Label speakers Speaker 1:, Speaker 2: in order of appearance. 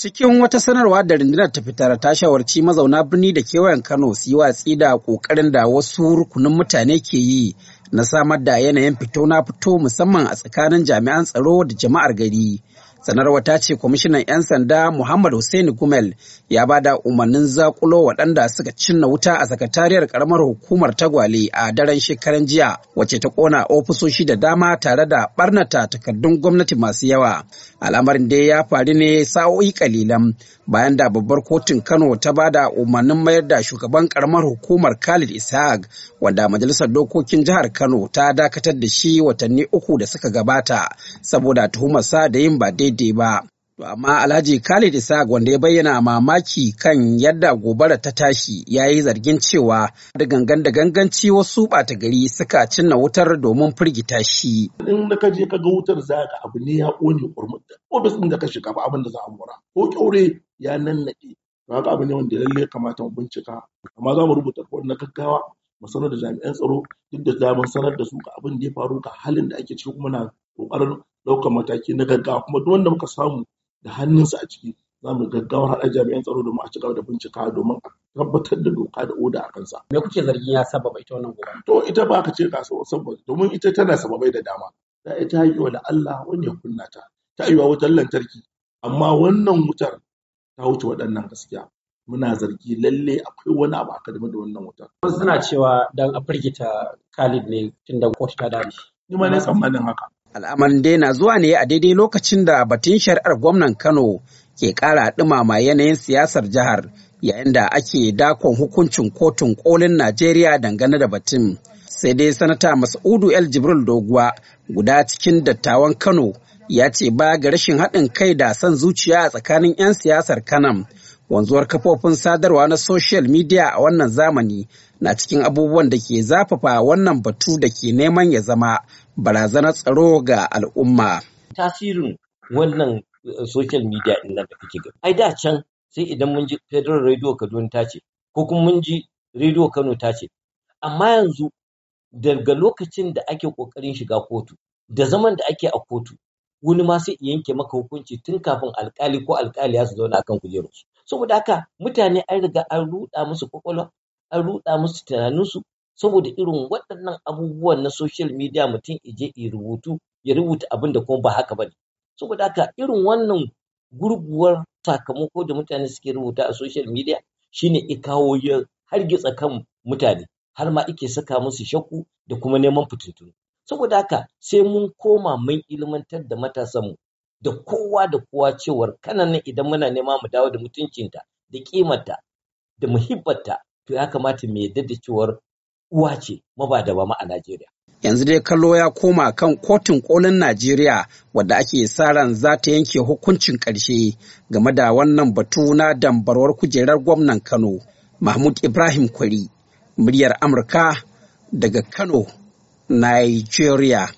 Speaker 1: Cikin wata sanarwa da rundunar ta fitar ta shawarci mazauna birni da kewayen Kano su yi watsi da ƙoƙarin da wasu rukunin mutane ke yi na samar da yanayin fito na fito musamman a tsakanin jami'an tsaro da jama'ar gari sanarwa ta ce kwamishinan 'yan sanda muhammad hussein gumel ya ba da umarnin zakulo waɗanda suka cinna wuta a sakatariyar karamar hukumar tagwale a daren shekaran jiya wacce ta kona ofisoshi da dama tare da barnata takardun gwamnati masu yawa al'amarin da ya faru ne sa'o'i kalilan bayan da babbar kotun kano ta ba da umarnin mayar da shugaban karamar hukumar khalid ishaq wanda majalisar dokokin jihar kano ta dakatar da shi watanni uku da suka gabata saboda tuhumarsa da yin ba dai-dai. daidai ba. amma Alhaji Khalid Isa wanda ya bayyana mamaki kan yadda gobara ta tashi ya yi zargin cewa da gangan da ganganci wasu ɓata gari suka cinna wutar domin firgita shi.
Speaker 2: In da ka je ka ga wutar za ka abu ne ya ƙone da Ofis ɗin da ka shiga ba abin da za a mura. Ko ƙyaure ya nannaɗe. ba haka abu ne wanda lalle kamata mu bincika. Amma za mu rubuta ko na gaggawa mu sanar da jami'an tsaro duk da mun sanar da su ga abin da ya faru ga halin da ake ciki kuma na ƙoƙarin ɗaukar mataki na gaggawa kuma duk wanda muka samu da hannunsa a ciki za mu gaggawa haɗa jami'an tsaro domin a ci gaba da bincika domin a tabbatar da doka da oda a kansa. Me kuke zargin ya sababa ita wannan gobe? To ita ba ka ce ka sababa domin ita tana sababai da dama. Da ita yi wa Allah wani ya kunna ta. Ta yi wa wutar lantarki amma wannan wutar ta wuce waɗannan gaskiya. Muna zargi lalle akwai wani abu a da wannan wutar. Wasu suna
Speaker 1: cewa dan a firgita Khalid ne tun da kotu ta dame. Ni ma ne tsammanin haka. Al'amarin dai na zuwa ne a daidai lokacin da batun shari'ar gwamnan Kano ke ƙara ɗumama yanayin siyasar jihar yayin da ake dakon hukuncin kotun kolin Najeriya dangane da batun. Sai dai sanata Mas'udu El Jibril Doguwa guda cikin dattawan Kano ya ce ba ga rashin haɗin kai da son zuciya a tsakanin 'yan siyasar Kanan. wanzuwar kafofin sadarwa na social media a wannan zamani na cikin abubuwan da ke zafafa wannan batu da ke neman ya zama barazanar tsaro ga al'umma.
Speaker 3: Tasirin wannan eh, social media din nan da kake gani. Ai da can sai idan mun ji Federal Radio Kaduna ta ce ko kuma mun ji Radio Kano ta ce. Amma yanzu daga lokacin da ake kokarin shiga kotu da zaman da ake a kotu wani ma sai yanke maka hukunci tun kafin alkali ko alkali ya su zauna akan kujerarsu. saboda haka mutane an riga an ruɗa musu kwakwalwa an ruɗa musu tunaninsu saboda irin waɗannan abubuwan na social media mutum ije ya rubutu ya rubuta abin da kuma ba haka ba ne saboda haka irin wannan gurguwar sakamako da mutane suke rubuta a social media shine ya kawo ya hargitsa kan mutane har ma ike saka musu shakku da kuma neman fitintunu saboda haka sai mun koma mun ilmantar da matasanmu da kowa da kowa cewar kanan nan idan muna nema mu dawo da mutuncinta da kimarta da muhibbarta to ya kamata mu yadda da cewar uwa ce mabada ba ma a Najeriya.
Speaker 1: Yanzu dai kallo ya koma kan kotun kolin Najeriya wadda ake sa ran za ta yanke hukuncin ƙarshe game da wannan batu na dambarwar kujerar gwamnan Kano. Mahmud Ibrahim Kwari, muryar Amurka daga Kano, Nigeria.